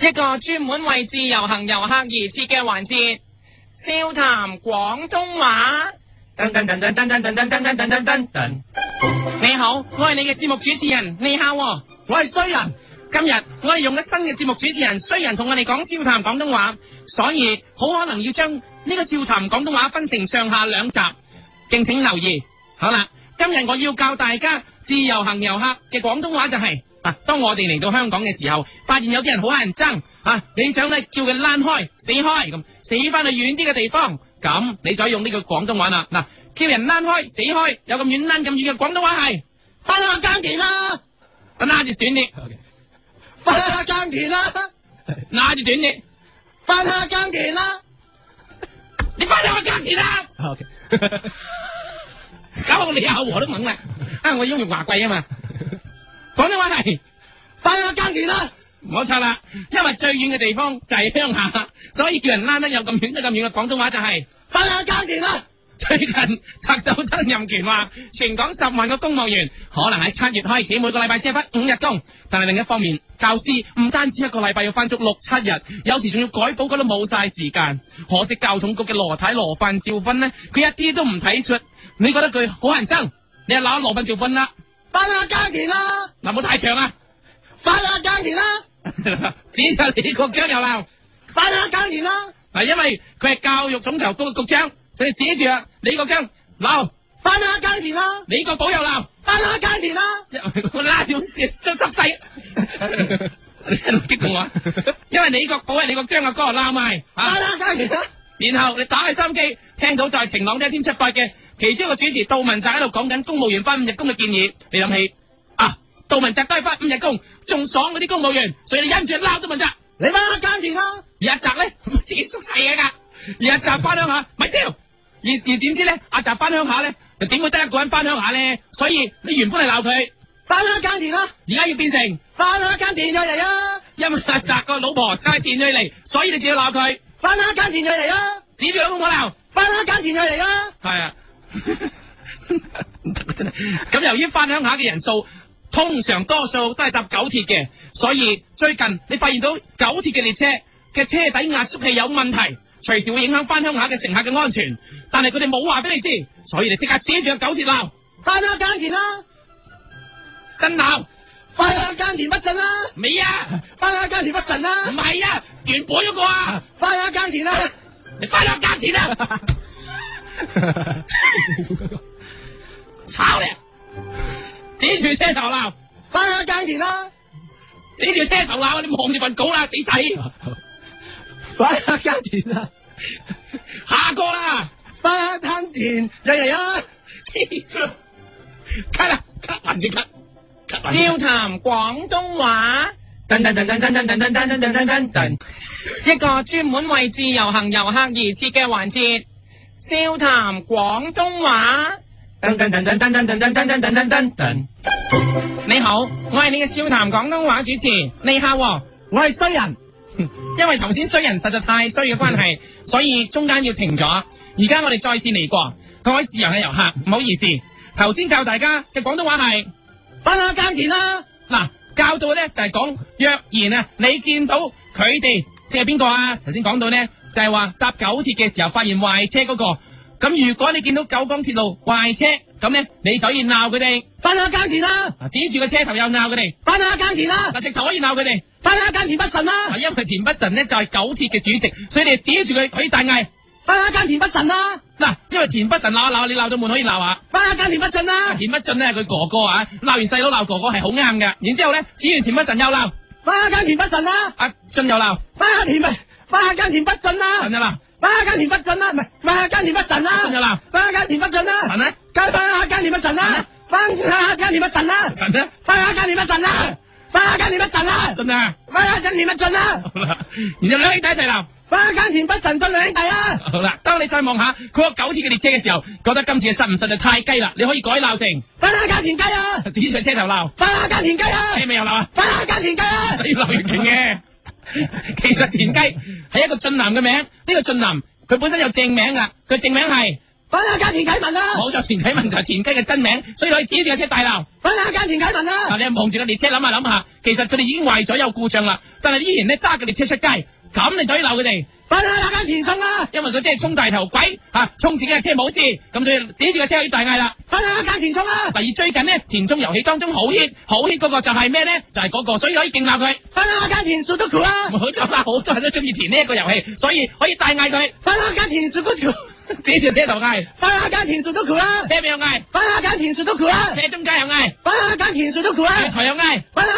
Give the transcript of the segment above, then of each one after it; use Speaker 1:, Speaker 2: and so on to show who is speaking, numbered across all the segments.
Speaker 1: 一個專門為自由行遊客而設嘅環節，笑談廣東話。噔噔噔噔噔噔噔噔噔噔噔噔噔。你好，我係你嘅節目主持人，你好，我係衰人。今日我係用咗新嘅節目主持人衰人同我哋講笑談廣東話，所以好可能要將呢個笑談廣東話分成上下兩集，敬請留意。好啦，今日我要教大家自由行遊客嘅廣東話就係。當我哋嚟到香港嘅時候，發現有啲人好乞人憎啊！你想咧叫佢躝開死開咁，死翻去遠啲嘅地方。咁你再用呢句廣東話啦，嗱、啊，叫人躝開死開，有咁遠躝咁遠嘅廣東話係翻鄉下耕田啦，拉住短啲，翻鄉下耕田啦，拉住 是短啲，翻鄉下耕田啦，你翻鄉下耕田啦。O Okay . K， 搞到我李後禾都懵啦，我雍容華貴啊嘛，廣東話係。 翻下耕田啦，唔好錯啦，因為最遠嘅地方就係鄉下，所以叫人拉得有咁遠得咁遠嘅廣東話就係、是、翻下耕田啦。最近特首曾蔭權話，全港十萬個公務員可能喺七月開始每個禮拜只翻五日工，但係另一方面，教師唔單止一個禮拜要翻足六七日，有時仲要改補，嗰啲冇晒時間。可惜教統局嘅羅太羅范椒芬呢，佢一啲都唔睇術，你覺得佢好人憎？你又鬧羅范椒芬啦，翻下耕田啦，嗱冇太長啊。翻下耕田啦， 指住李國章又鬧，翻下耕田啦。嗱，因為佢係教育統籌局嘅局長，所以指住啊李國章鬧，翻下耕田啦。李國寶又鬧，翻下耕田啦。 拉住先，真濕滯。你喺度激動話，因為李國寶係李國章嘅阿哥鬧埋。啊、翻下耕田啦。然後你打開收音機，聽到在晴朗一天出發嘅其中一個主持杜汶澤喺度講緊公務員返五日工嘅建議，你諗起。杜文澤都係翻五日工，仲爽嗰啲公務員，所以你忍唔住鬧都問咋？你翻下耕田啦，而阿澤咧自己縮細嘢噶，而阿澤翻鄉下咪燒，而而點知咧阿澤翻鄉下咧，又點會得一個人翻鄉下咧？所以你原本係鬧佢翻下耕田啦，而家要變成翻下耕田再嚟啊，因為阿澤個老婆耕田再嚟，所以你就要鬧佢翻下耕田再嚟啊，指住老公婆鬧，翻下耕田再嚟啊，係啊，唔得真係，咁由於翻鄉下嘅人數。通常多數都係搭九鐵嘅，所以最近你發現到九鐵嘅列車嘅車底壓縮器有問題，隨時會影響翻鄉下嘅乘客嘅安全，但係佢哋冇話俾你知，所以你即刻指住九鐵鬧翻鄉下耕田啦、啊，真鬧翻鄉下耕田不振啦、啊，未啊翻鄉下耕田不神啦、啊，唔係啊原本嗰個啊翻鄉下耕田啊，你翻鄉下耕田啊。 住車頭啦、啊，翻去耕田啦！指住車頭鬧、啊，你望住份稿啦、啊，死仔！ 翻去耕田啦，下個啦、啊，翻去攤田又嚟啦！cut 啦，cut 環節 cut，笑談廣東話，噔噔噔噔噔噔噔噔噔噔噔噔噔，一個專門為自由行遊客而設嘅環節，笑談廣東話。噔噔噔噔噔噔噔噔噔噔噔噔噔，你好，我係你嘅笑談廣東話主持李孝，我係衰人，因為頭先衰人實在太衰嘅關係，所以中間要停咗，而家我哋再次嚟過，各位自由嘅遊客唔好意思，頭先教大家嘅廣東話係翻下耕田啦，嗱，教到咧就係講若然啊，你見到佢哋即係邊個啊？頭先講到咧就係話搭九鐵嘅時候發現壞車嗰個。咁如果你見到九江鐵路壞車，咁咧你就可以鬧佢哋翻下耕田啦，指住個車頭又鬧佢哋翻下耕田啦，直頭可以鬧佢哋翻下耕田北辰啦。係因為田北辰咧就係九鐵嘅主席，所以你指住佢佢大嗌，翻下耕田北辰啦。嗱，因為田北辰鬧啊鬧，你鬧到滿可以鬧下翻下耕田北辰啦。田北俊咧佢哥哥啊，鬧完細佬鬧哥哥係好啱嘅。然之後咧指完田北辰又鬧翻下耕田北辰啦。阿俊又鬧翻下田咪翻下耕田北俊啦。陳又鬧。翻下耕田不進啦，唔係翻下耕田不神啦，神就鬧，翻下耕田不進啦，瞓咧，耕翻下耕田不神啦，翻下耕田不神啦，神咧，翻下耕田不神啦，翻下耕田不神啦，進啊，翻下耕田不進啦，然後兄弟一齊鬧，翻下耕田不神進嘅兄弟啦，好啦，當你再望下佢個九鐵嘅列車嘅時候，覺得今次嘅順唔順就太雞啦，你可以改鬧成翻下耕田雞啊，自己上車頭鬧，翻下耕田雞啊，聽未有鬧啊，翻下耕田雞啊，死鬧越勁嘅。其實田雞係一個俊男嘅名，呢個俊男佢本身有正名噶，佢正名係翻下家田啟文啦。冇錯，田啟文就係田雞嘅真名，所以佢以指住架車大鬧翻下家田啟文啦。嗱，你望住個列車諗下諗下，其實佢哋已經壞咗有故障啦，但係依然咧揸個列車出街。咁你就可以鬧佢哋，快啦！打間田中啦、啊，因為佢真係衝大頭鬼吓，衝、啊、自己嘅車冇事，咁所以指住個車可以大嗌啦！快下間田中啦、啊。而最近呢，田中遊戲當中好 hit，好 hit 嗰個就係咩咧？就係、是、嗰、那個，所以可以勁鬧佢。快下間田中都佢啦、啊。好彩啦，好多人都中意填呢一個遊戲，所以可以大嗌佢。快下間田中都佢。指 條車頭嗌？快下間田中都佢啦、啊。車尾又嗌？快下間田中都佢啦、啊。車中間又嗌？快下間田都、啊、中喊喊田都佢啦、啊。車台又嗌？快啦、啊！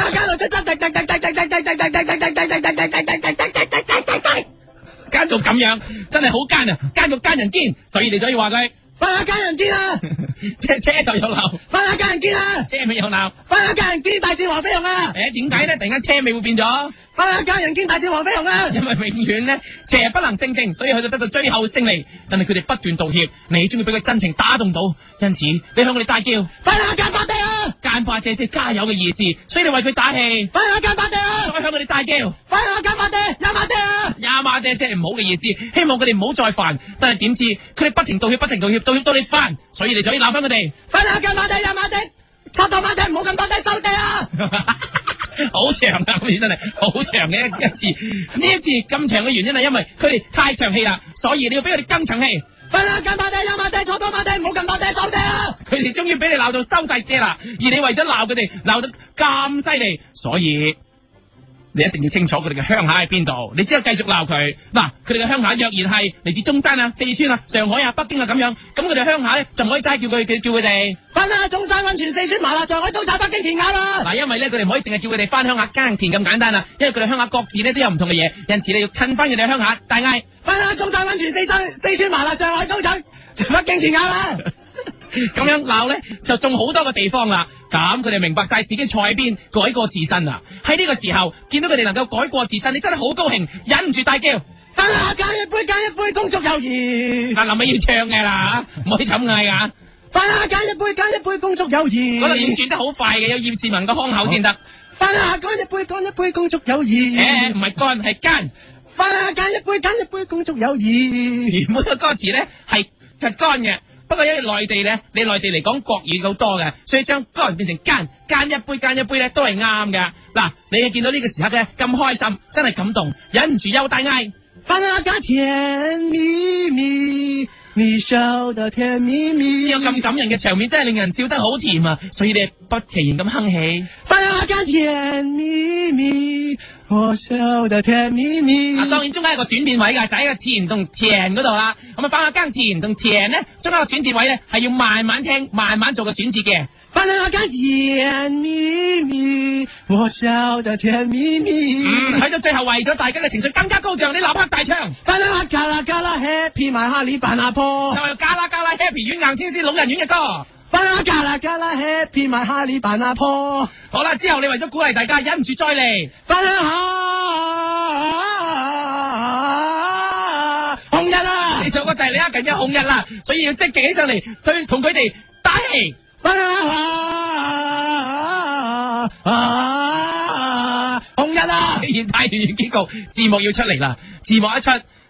Speaker 1: 奸，奸到咁樣真係好奸啊！奸到奸人堅，所以你就以話佢翻下奸人堅啊，車 車就有鬧，翻下奸，奸人堅啊，車、啊、尾有鬧，翻下奸，奸人堅大戰黃飛鴻啊！誒，點解咧？突然間車尾會變咗？家人堅大戰黃飛鴻啊！因為永遠呢，邪日不能勝正，所以佢就得到最後勝利。但係佢哋不斷道歉，你終於俾佢真情打動到，因此你向佢哋大叫，快啦，間八爹，間八爹即係加油嘅意思，所以你為佢打氣，快啦，間八爹，再向佢哋大叫，快啦，間八爹，亞麻爹，亞麻爹即係唔好嘅意思，希望佢哋唔好再犯。但係點知佢哋不停道歉，不停道歉，道歉到你煩，所以你就要鬧翻佢哋，快啦，間八爹，亞麻爹，插到馬爹，唔好咁馬爹收地啊！好 長啊！真係好長嘅一一次，呢一次咁長嘅原因係因為佢哋太長氣啦，所以你要俾佢哋更長氣。分 啊！減翻啲，減翻啲，坐多翻啲，唔好咁多啲，多啲啊！佢哋終於俾你鬧到收晒啲啦，而你為咗鬧佢哋鬧得咁犀利，所以。你一定要清楚佢哋嘅鄉下喺邊度，你先可以繼續鬧佢。嗱、啊，佢哋嘅鄉下若然係嚟自中山啊、四川啊、上海啊、北京啊咁樣，咁佢哋鄉下咧就唔可以齋叫佢叫叫佢哋翻啦。返中山溫泉、四川麻辣、上海中菜、北京填鴨啦、啊。嗱、啊，因為咧佢哋唔可以淨係叫佢哋翻鄉下耕田咁簡單啦，因為佢哋鄉下各自咧都有唔同嘅嘢，因此你要趁翻佢哋鄉下大嗌翻啦。返中山溫泉、四川四川麻辣、上海中菜、北京填鴨啦、啊。 咁樣鬧咧，就中好多個地方啦。咁佢哋明白晒自己錯喺邊，改過自身啦。喺呢個時候見到佢哋能夠改過自身，你真係好高興，忍唔住大叫：翻下奸一杯，奸一杯，工作友誼。但係臨尾要唱嘅啦，唔 可以咁嘅。翻下奸一杯，奸一杯，工作友誼。嗰度要轉得好快嘅，有葉倩文個腔口先得。翻下乾一杯，乾一杯，工作友誼。誒、欸，唔係乾係奸」。「翻下奸一杯，奸一杯，工作友誼。而每一個歌詞咧係就乾嘅。不過因為內地咧，你內地嚟講國語夠多嘅，所以將個乾變成「奸」、「奸一杯，奸一杯」咧都係啱嘅。嗱，你見到呢個時刻咧咁開心，真係感動，忍唔住又大嗌。翻阿家甜蜜蜜，你笑到甜蜜蜜。有咁感人嘅場面，真係令人笑得好甜啊！所以你不期然咁哼起。翻阿家甜蜜蜜。我笑得甜蜜蜜，啊，當然中間有個轉變位㗎，就喺、是、個田同田嗰度啦。咁啊，翻下間田同田咧，中間個轉折位咧係要慢慢聽，慢慢做個轉折嘅。翻到我間甜蜜蜜，我笑得甜蜜蜜。嗯，睇到最後為咗大家嘅情緒更加高漲，你立刻大唱。翻到我家啦家啦，Happy My h 扮阿婆。就係家啦家。Happy 軟硬天師老人院嘅歌，翻啦！加啦加啦，Happy 埋哈利扮阿婆。好啦，之後你為咗鼓勵大家，忍唔住再嚟，翻鄉下！紅日啊，呢首歌就係你啊，近一紅日啦，所以要積極起上嚟，對同佢哋打氣，翻鄉下！紅日啊，而家大團圓結局字幕要出嚟啦，字幕一出。